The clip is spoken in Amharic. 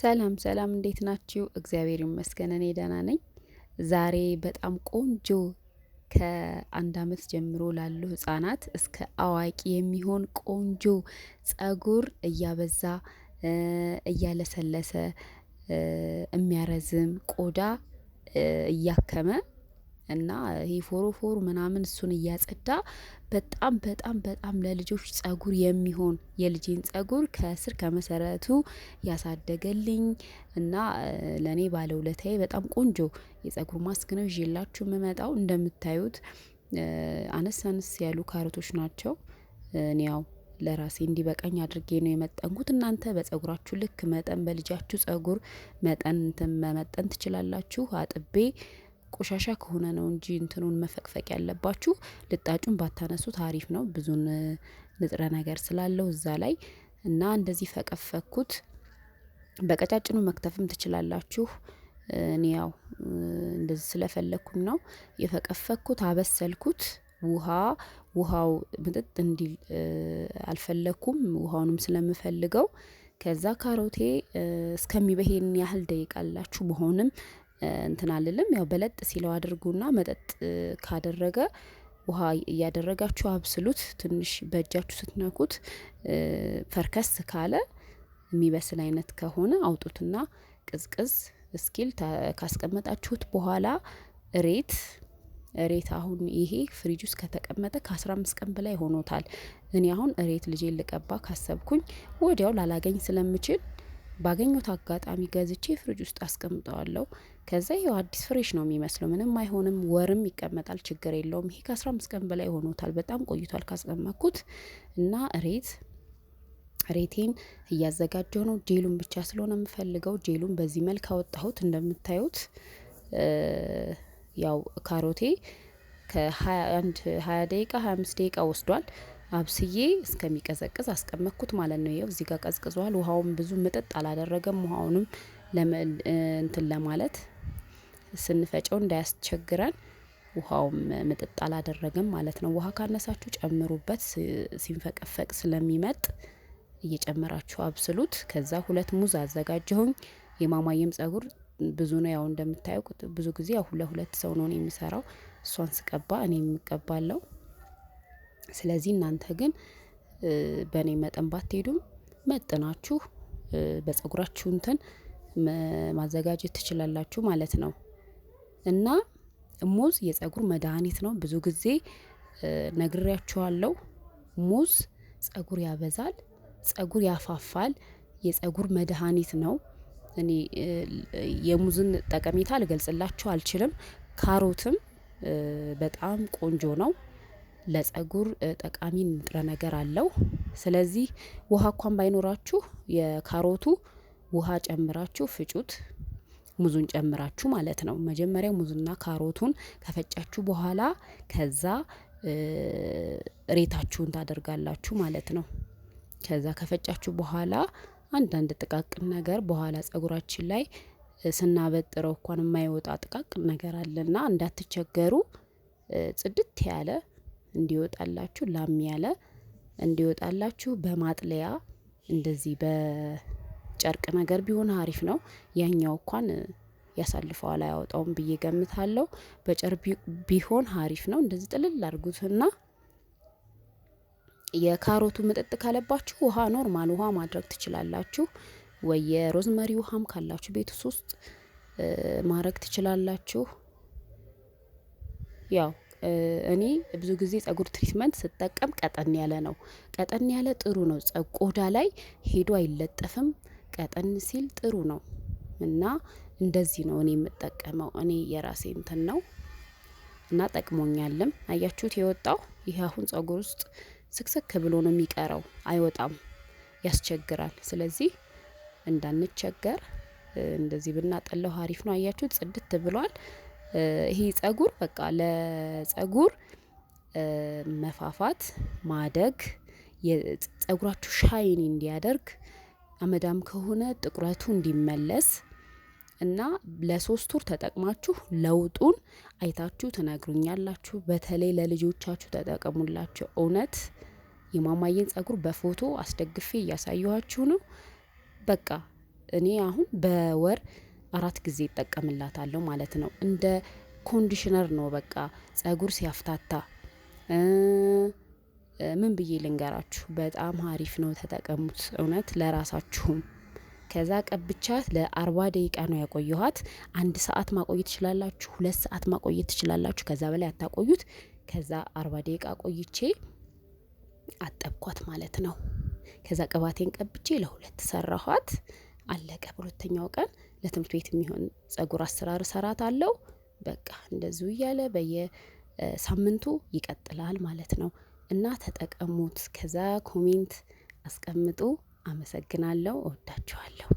ሰላም ሰላም፣ እንዴት ናችሁ? እግዚአብሔር ይመስገን እኔ ደህና ነኝ። ዛሬ በጣም ቆንጆ ከአንድ አመት ጀምሮ ላሉ ህጻናት እስከ አዋቂ የሚሆን ቆንጆ ጸጉር እያበዛ እያለሰለሰ የሚያረዝም ቆዳ እያከመ እና ይሄ ፎሮፎር ምናምን እሱን እያጸዳ በጣም በጣም በጣም ለልጆች ጸጉር የሚሆን የልጅን ጸጉር ከስር ከመሰረቱ ያሳደገልኝ እና ለእኔ ባለውለታዬ በጣም ቆንጆ የጸጉር ማስክ ነው ይዤላችሁ የምመጣው። እንደምታዩት አነስ አነስ ያሉ ካሮቶች ናቸው። እኔ ያው ለራሴ እንዲበቃኝ አድርጌ ነው የመጠንኩት። እናንተ በጸጉራችሁ ልክ መጠን በልጃችሁ ጸጉር መጠን እንትን መመጠን ትችላላችሁ። አጥቤ ቆሻሻ ከሆነ ነው እንጂ እንትኑን መፈቅፈቅ ያለባችሁ ልጣጩን ባታነሱት አሪፍ ነው። ብዙን ንጥረ ነገር ስላለው እዛ ላይ እና እንደዚህ ፈቀፈኩት። በቀጫጭኑ መክተፍም ትችላላችሁ። እኔ ያው እንደዚህ ስለፈለግኩም ነው የፈቀፈኩት። አበሰልኩት። ውሃ ውሃው ምጥጥ እንዲል አልፈለኩም፣ ውሃውንም ስለምፈልገው ከዛ ካሮቴ እስከሚበሄን ያህል ደቂቃ አላችሁ። መሆንም እንትን አልልም። ያው በለጥ ሲለው አድርጉና መጠጥ ካደረገ ውሃ እያደረጋችሁ አብስሉት። ትንሽ በእጃችሁ ስትነኩት ፈርከስ ካለ የሚበስል አይነት ከሆነ አውጡትና ቅዝቅዝ እስኪል ካስቀመጣችሁት በኋላ እሬት እሬት አሁን ይሄ ፍሪጅ ውስጥ ከተቀመጠ ከ15 ቀን በላይ ሆኖታል። እኔ አሁን እሬት ልጄ ልቀባ ካሰብኩኝ ወዲያው ላላገኝ ስለምችል ባገኙት አጋጣሚ ገዝቼ ፍሪጅ ውስጥ አስቀምጠዋለሁ። ከዛ ይኸው አዲስ ፍሬሽ ነው የሚመስለው። ምንም አይሆንም፣ ወርም ይቀመጣል፣ ችግር የለውም። ይሄ ከአስራ አምስት ቀን በላይ ሆኖታል፣ በጣም ቆይቷል ካስቀመጥኩት እና ሬት ሬቴን እያዘጋጀው ነው። ጄሉን ብቻ ስለሆነ የምፈልገው ጄሉን በዚህ መልክ አወጣሁት። እንደምታዩት ያው ካሮቴ ከ21 20 ደቂቃ 25 ደቂቃ ወስዷል። አብስዬ እስከሚቀዘቅዝ አስቀመጥኩት ማለት ነው። ይኸው እዚህ ጋር ቀዝቅዟል። ውሃውን ብዙ ምጥጥ አላደረገም። ውሃውንም እንትን ለማለት ስንፈጨው እንዳያስቸግረን ውሃውም ምጥጥ አላደረገም ማለት ነው። ውሃ ካነሳችሁ ጨምሩበት፣ ሲንፈቀፈቅ ስለሚመጥ እየጨመራችሁ አብስሉት። ከዛ ሁለት ሙዝ አዘጋጀሁኝ። የማማየም ጸጉር ብዙ ነው። ያው እንደምታየው ብዙ ጊዜ ያው ለሁለት ሰው ነው የሚሰራው። እሷን ስቀባ እኔ የምቀባለው ስለዚህ እናንተ ግን በእኔ መጠን ባትሄዱም መጥናችሁ በፀጉራችሁ እንትን ማዘጋጀት ትችላላችሁ ማለት ነው። እና ሙዝ የፀጉር መድሃኒት ነው። ብዙ ጊዜ ነግሬያችኋለሁ። ሙዝ ፀጉር ያበዛል፣ ፀጉር ያፋፋል፣ የፀጉር መድሃኒት ነው። እኔ የሙዝን ጠቀሜታ ልገልጽላችሁ አልችልም። ካሮትም በጣም ቆንጆ ነው ለጸጉር ጠቃሚ ንጥረ ነገር አለው። ስለዚህ ውሃ እንኳን ባይኖራችሁ የካሮቱ ውሃ ጨምራችሁ ፍጩት። ሙዙን ጨምራችሁ ማለት ነው። መጀመሪያ ሙዙና ካሮቱን ከፈጫችሁ በኋላ ከዛ ሬታችሁን ታደርጋላችሁ ማለት ነው። ከዛ ከፈጫችሁ በኋላ አንዳንድ ጥቃቅን ነገር በኋላ ፀጉራችን ላይ ስናበጥረው እንኳን የማይወጣ ጥቃቅን ነገር አለና እንዳትቸገሩ። ጽድት ያለ እንዲወጣላችሁ ላም ያለ እንዲወጣላችሁ በማጥለያ እንደዚህ በጨርቅ ነገር ቢሆን አሪፍ ነው። ያኛው እንኳን ያሳልፈዋል አያወጣውም ብዬ ገምታለሁ። በጨርቅ ቢሆን አሪፍ ነው። እንደዚህ ጥልል አድርጉትና የካሮቱ ምጥጥ ካለባችሁ ውሃ ኖርማል ውሃ ማድረግ ትችላላችሁ። ወይ የሮዝመሪ ውሃም ካላችሁ ቤት ውስጥ ማድረግ ትችላላችሁ። ያው እኔ ብዙ ጊዜ ጸጉር ትሪትመንት ስጠቀም ቀጠን ያለ ነው። ቀጠን ያለ ጥሩ ነው ቆዳ ላይ ሄዶ አይለጠፍም ቀጠን ሲል ጥሩ ነው። እና እንደዚህ ነው እኔ የምጠቀመው እኔ የራሴ እንትን ነው። እና ጠቅሞኛልም አያችሁት የወጣው ይህ አሁን ፀጉር ውስጥ ስክስክ ብሎ ነው የሚቀረው አይወጣም ያስቸግራል። ስለዚህ እንዳንቸገር እንደዚህ ብናጠለው አሪፍ ነው። አያችሁት ጽድት ብሏል። ይሄ ጸጉር በቃ ለጸጉር መፋፋት ማደግ የጸጉራችሁ ሻይን እንዲያደርግ አመዳም ከሆነ ጥቁረቱ እንዲመለስ እና ለሶስት ወር ተጠቅማችሁ ለውጡን አይታችሁ ትነግሩኛላችሁ። በተለይ ለልጆቻችሁ ተጠቀሙላቸው። እውነት የማማዬን ጸጉር በፎቶ አስደግፌ እያሳየኋችሁ ነው። በቃ እኔ አሁን በወር አራት ጊዜ ይጠቀምላታለሁ ማለት ነው። እንደ ኮንዲሽነር ነው በቃ ፀጉር ሲያፍታታ። ምን ብዬ ልንገራችሁ በጣም አሪፍ ነው ተጠቀሙት እውነት ለራሳችሁም። ከዛ ቀብቻት ለአርባ ደቂቃ ነው ያቆየኋት። አንድ ሰዓት ማቆየት ትችላላችሁ ሁለት ሰዓት ማቆየት ትችላላችሁ ከዛ በላይ አታቆዩት። ከዛ አርባ ደቂቃ ቆይቼ አጠብኳት ማለት ነው። ከዛ ቅባቴን ቀብቼ ለሁለት ሰራኋት። አለቀ በሁለተኛው ቀን ለትምህርት ቤት የሚሆን ጸጉር አሰራር ሰራት አለው። በቃ እንደዚሁ እያለ በየሳምንቱ ይቀጥላል ማለት ነው። እና ተጠቀሙት። ከዛ ኮሜንት አስቀምጡ። አመሰግናለሁ። እወዳችኋለሁ።